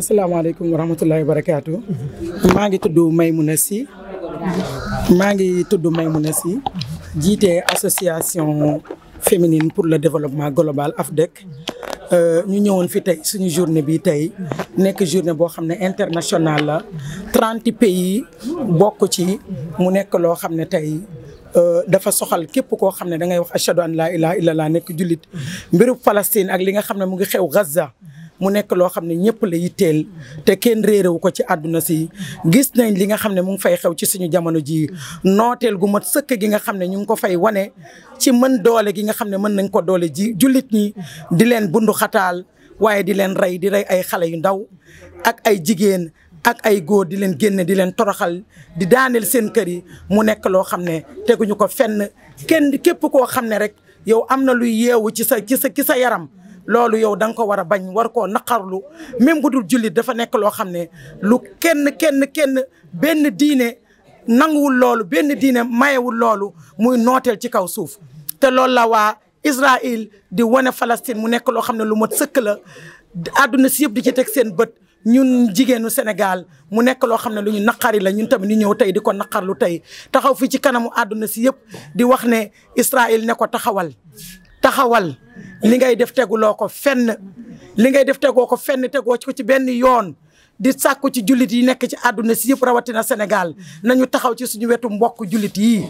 asalaamaaleykum wa rahmatullahi wa barakaatu. maa ngi tudd Maymouna Sy. maa ngi tudd Maymouna Sy. jiite association féminine pour le développement global AFDEC. Euh, ñu ñëwoon fi tey suñu journée bi tey nekk journée boo xam ne international la trente pays bokk ci mu nekk loo xam ne tey euh, dafa soxal képp koo xam ne da ngay wax ashhadu an laa ilaaha laa nekk jullit mbiru Palestine ak li nga xam ne mu ngi xew Gaza mu nekk loo xam ne ñëpp la yitteel te kenn réerewu ko ci àdduna si gis nañ li nga xam ne mu ngi fay xew ci suñu jamono ji nooteel gu mat sëkk gi nga xam ne ñu ngi ko fay wane ci mën doole gi nga xam ne mën nañ ko doole ji jullit ñi di leen bunduxataal waaye di leen rey di rey ay xale yu ndaw ak ay jigéen ak ay góor di leen génne di leen toroxal di daaneel seen kër yi mu nekk loo xam ne teguñu ko fenn kenn képp koo xam ne rek yow am na luy yeewu ci sa ci sa ci sa yaram loolu yow danga ko war a bañ war koo naqarlu même bu dul jullit dafa nekk loo xam ne lu kenn kenn kenn benn diine nanguwul loolu benn diine mayewul loolu muy nooteel ci kaw suuf te loolu la waa Israël di wane Palestine mu nekk loo xam ne lu mat sëkk la àdduna si yëpp di ci teg seen bët ñun jigéenu Sénégal mu nekk loo xam ne lu ñu naqari la ñun tamit ñu ñëw tey di ko naqarlu tey taxaw fii ci kanamu àdduna si yëpp di wax ne Israël ne ko taxawal taxawal li ngay def teguloo ko fenn li ngay def tegoo ko fenn tegoo ko ci benn yoon di sàkku ci jullit yi nekk ci àdduna si yëpp rawatina Sénégal nañu taxaw ci suñu wetu mbokk jullit yi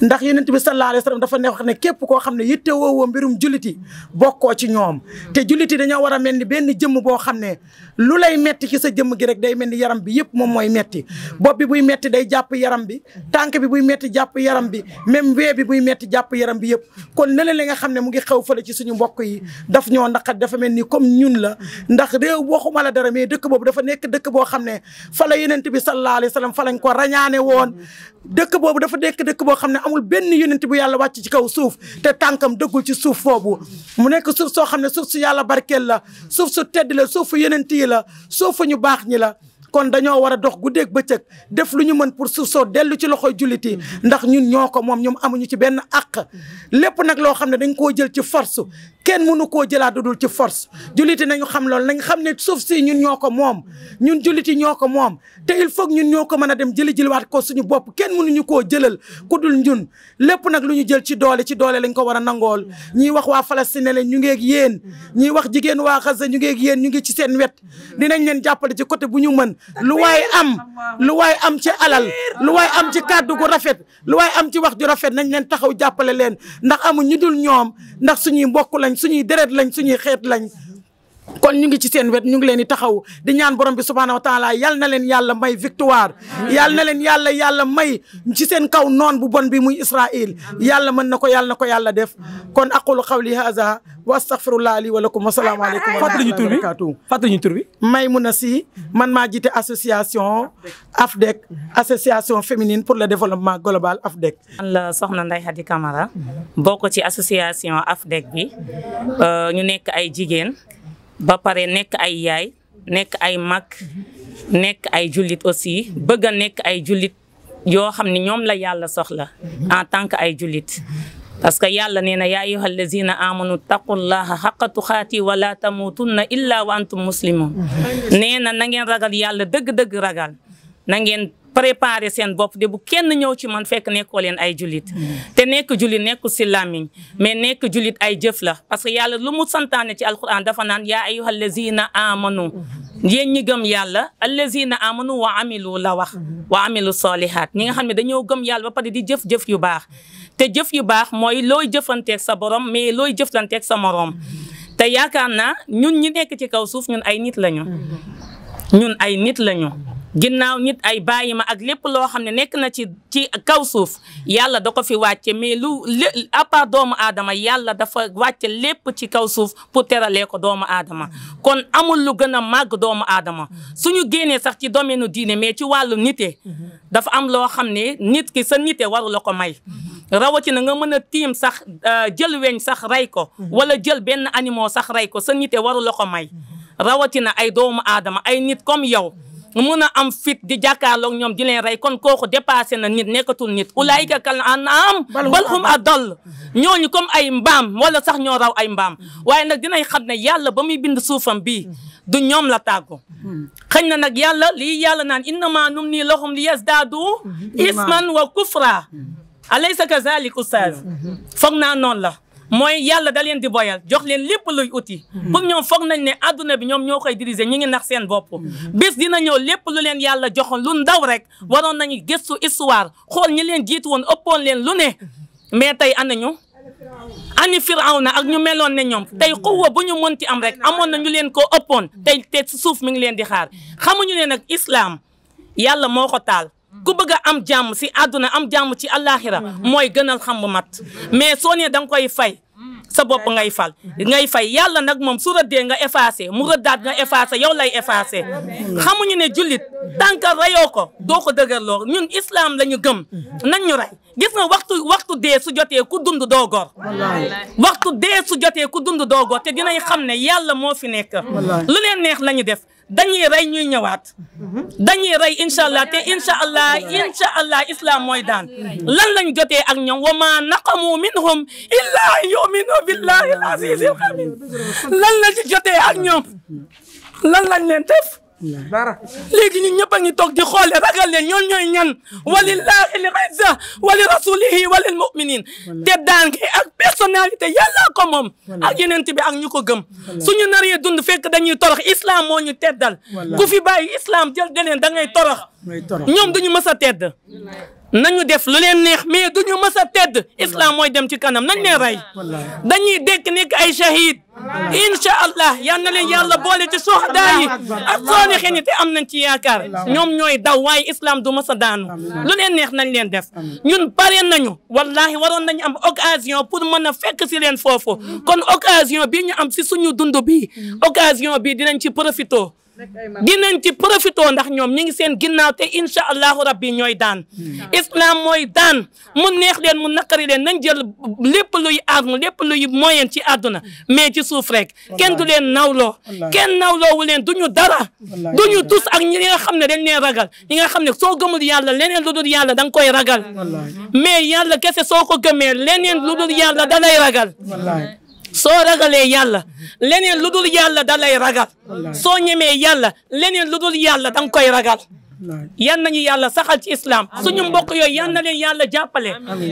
ndax yonent bi sallallahu alayhi wa sallam dafa ne wax ne képp koo xam ne yitte woowoo mbirum jullit yi bokkoo ci ñoom te jullit yi dañoo war a mel ni benn jëmm boo xam ne lu lay metti ci sa jëmm gi rek day mel ni yaram bi yëpp moom mooy metti bopp bi buy metti day jàpp yaram bi tànk bi buy metti jàpp yaram bi même wee bi buy metti jàpp yaram bi yëpp kon ne la nga xam ne mu ngi xew fële ci suñu mbokk yi daf ñoo ndax dafa mel ni comme ñun la ndax réew waxuma la dara mais dëkk boobu dafa nekk dëkk boo xam ne fa la yonent bi sallallahu alayhi wa sallam fa lañ ko rañaane woon dëkk boobu dafa nekk dëkk boo xam ne amul benn yonent bu yàlla wàcc ci kaw suuf te tànkam dëggul ci suuf boobu mu nekk suuf soo xam ne suuf su yàlla barkeel la suuf su tedd la suuf fu yonent la suuf fu ñu baax ñi la kon dañoo war a dox guddeeg bëccëg def lu ñu mën pour suuf soo dellu ci loxo jullit ndax ñun ñoo ko moom ñoom amuñu ci benn àq lépp nag loo xam ne dañ koo jël ci force kenn mënu koo jëlaat dudul ci force jullit nañu xam loolu nañ xam ne suuf si ñun ñoo ko moom ñun jullit yi ñoo ko moom te il foog ñun ñoo ko mën a dem jëli jëliwaat ko suñu bopp kenn mënuñu koo jëlal ku dul ñun lépp nag lu ñu jël ci doole ci doole lañ ko war a nangool ñiy wax waa Palestine leen ñu ngi yéen ñiy wax jigéen waa Gaza ñu ngi yéen ñu ngi ci seen wet dinañ leen jàppale ci côté bu ñu mën lu waay am lu waay am ci alal lu waay am ci kàddu gu rafet lu waay am ci wax ju rafet nañ leen taxaw jàppale leen ndax amu ñu dul ñoom ndax suñuy mbokk lañ suñuy deret lañ suñuy xeet lañ kon ñu ngi ci seen wet ñu ngi leen di taxaw di ñaan borom bi subhaanahu taala yal na leen yàlla may victoire yal na leen yàlla yàlla may ci seen kaw noon bu bon bi muy Israël yàlla mën na ko yàlla ko yàlla def kon aqulu qawli haza wa astaghfirullah li wa lakum assalaamu aleykum fàttali ñu tur bi fàttali ñu tur bi Maymuna Si man maa jiite association AFDEC association féminine pour le développement global AFDEC man la soxna Ndeye Khady Camara bokk ci association AFDEC bi euh, ñu nekk ay jigéen ba pare nekk ay yaay nekk ay mag nekk ay jullit aussi bëgg a nekk ay jullit yoo xam ne ñoom la yàlla soxla en tant que ay jullit parce que yàlla nee na yaa ayyuha allazina amanu taqullaha xaqa tuxaati wala tamutunna illa wa antum muslimun nee na na ngeen ragal yàlla dëgg-dëgg ragal na préparer seen bopp de bu kenn ñëw ci man fekk nekkoo leen ay jullit mm-hmm. te nekk jullit nekkul si làmmiñ mais nekk julit ay jëf la parce que yàlla lu mu santaane ci alquran dafa naan yaa ay ayyuhal lazina amanu mm-hmm. yéen ñi gëm yàlla allazina amanu wa amilu la wax mm-hmm. wa amilu solihat ñi nga xam ne dañoo gëm yàlla ba pare di jëf-jëf yu baax te jëf yu baax mooy looy jëfanteeg sa borom mais looy jëflanteeg sa moroom te yaakaar naa ñun ñi nekk ci kaw suuf ñun ay nit lañu ñun ay nit lañu ginnaaw nit ay bàyyi ak lépp loo xam ne nekk na ci ci kaw suuf yàlla da ko fi wàcce mais lu à part doomu aadama yàlla dafa wàcce lépp ci kaw suuf pour teralee ko doomu aadama kon amul lu gën a màgg doomu aadama suñu génnee sax ci domaine diine mais ci wàllu nite dafa am loo xam ne nit ki sa nite waru la ko may rawatina nga mën a tiim sax euh, jël weñ sax rey ko wala jël benn animaux sax rey ko sa nite waru la may rawatina ay doomu aadama ay nit kom yow mun a am fit di jàkkaarloog ñoom di leen rey kon kooku dépassé na nit nekkatul nit ulaayika kal an'aam bal hum adall ñooñu comme ay mbaam wala sax ñoo raw ay mbaam waaye nag dinañ xam ne yàlla ba muy bind suufam bi du ñoom la tàggu xëñ na nag yàlla lii yàlla naan innama numli lahum li yazdaadu mm-hmm. isman wa kufra mm-hmm. alaysa kazalik oustaz mm-hmm. foog naa noonu la mooy yàlla da leen di boyal jox leen lépp luy uti mhm. pour ñoom foog nañ ne adduna bi ñoom ñoo koy diriger ñi ngi nax seen bopp mhm. bis dina ñëw lépp lu leen yàlla joxoon lun daw rek mhm. waroon nañu gëstu histoire xool ñu leen jiitu woon ëppoon leen lu ne mais tey anañu ani firawna ak ñu meloon ne ñoom tey xuwa bu ñu mënti am rek amoon na ñu leen ko ëppoon tey te suuf mi ngi leen di xaar xamuñu leen nag islaam yàlla moo ko taal ku bëgg am jàmm si àdduna am jàmm ci àllaaxira mhm. mooy gënal xam bu mat mais soo nee da koy fay sa bopp ngay fal ngay fay yàlla nag moom su rëddee nga effacé mu rëddaat nga effacé yow lay effacé xamuñu ne jullit tànka rayoo ko doo ko dëgërloo ñun islam lañu gëm nañ ñu rey gis nga waxtu waxtu dee su jotee ku dund doo gor waxtu dee su jotee ku dund doo gor te dinañ xam ne yàlla moo fi nekk lu leen neex la ñu def dañuy rey ñuy ñëwaat dañuy rey incha allah te incha allah allah islam mooy daan lan lañ jotee ak ñoom wa ma naqamu minhum illa yuminu billahi al aziz al lan lañ jotee ak ñoom lan lañ leen def dara léegi ñun ñëpp a ngi toog di xool ragal leen ñoon ñooy ñan walillahi li izza wali rasulihi walil muminin te daan gi ak personnalité te ko moom ak yeneen bi ak ñu ko gëm suñu naree dund fekk dañuy torox islam moo ñu teddal ku fi bàyyi islaam jël deneen da ngay torox ñoom duñu mës a tedd nañu def lu leen neex mais duñu mës a tedd islam mooy dem ci kanam nañ leen rey dañuy dekk nekk ay shahid incha allah yal na leen yàlla boole ci suhadaa yi ak saalixiin te am nañ ci yaakaar ñoom ñooy daw waaye islam du mës a daanu lu leen neex nañ leen def ñun pare nañu wallahi waroon nañu am occasion pour mën a fekk si leen foofu kon occasion bi ñu am si suñu dund bi mm. occasion bi dinañ ci profito dinañ ci profitoo ndax ñoom ñi ngi seen ginnaaw te incha allahu rabbi ñooy daan hmm. islam mooy daan mu neex leen mu naqari leen nañ jël lépp luy arme lépp luy moyen ci àdduna mais ci suuf rek kenn du leen nawloo kenn nawloowu leen du ñu dara ñu tus ak ñi nga xam ne dañ leen ragal ñi nga xam ne soo gëmul yàlla leneen lu dul yàlla da nga koy ragal mais yàlla kese soo ko gëmee leneen lu dul yàlla da lay ragal soo ragalee yàlla leneen lu dul yàlla da lay ragal soo ñemee yàlla leneen lu dul yàlla da koy ragal yan nañu yàlla saxal ci islam suñu mbokk yooyu yan na leen yàlla jàppale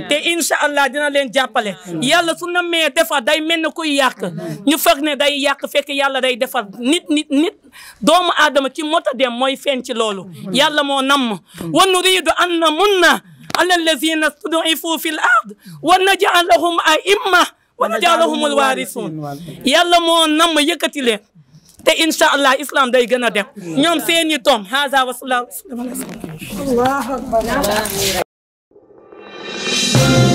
te incha allah dina leen jàppale yàlla su na mee defar day mel ne kuy yàq ñu foog ne day yàq fekk yàlla day defar nit nit nit doomu aadama ci mota dem mooy feeñ ci loolu yàlla moo namm wa nuridu an namunna ala allazina studifu fi ard wa najalahum aimma wala jaalahumul waarisuun yàlla moo nam ma yëkkati leen te incha allah islam day gën a dem ñoom seeni doom haza wasalaam.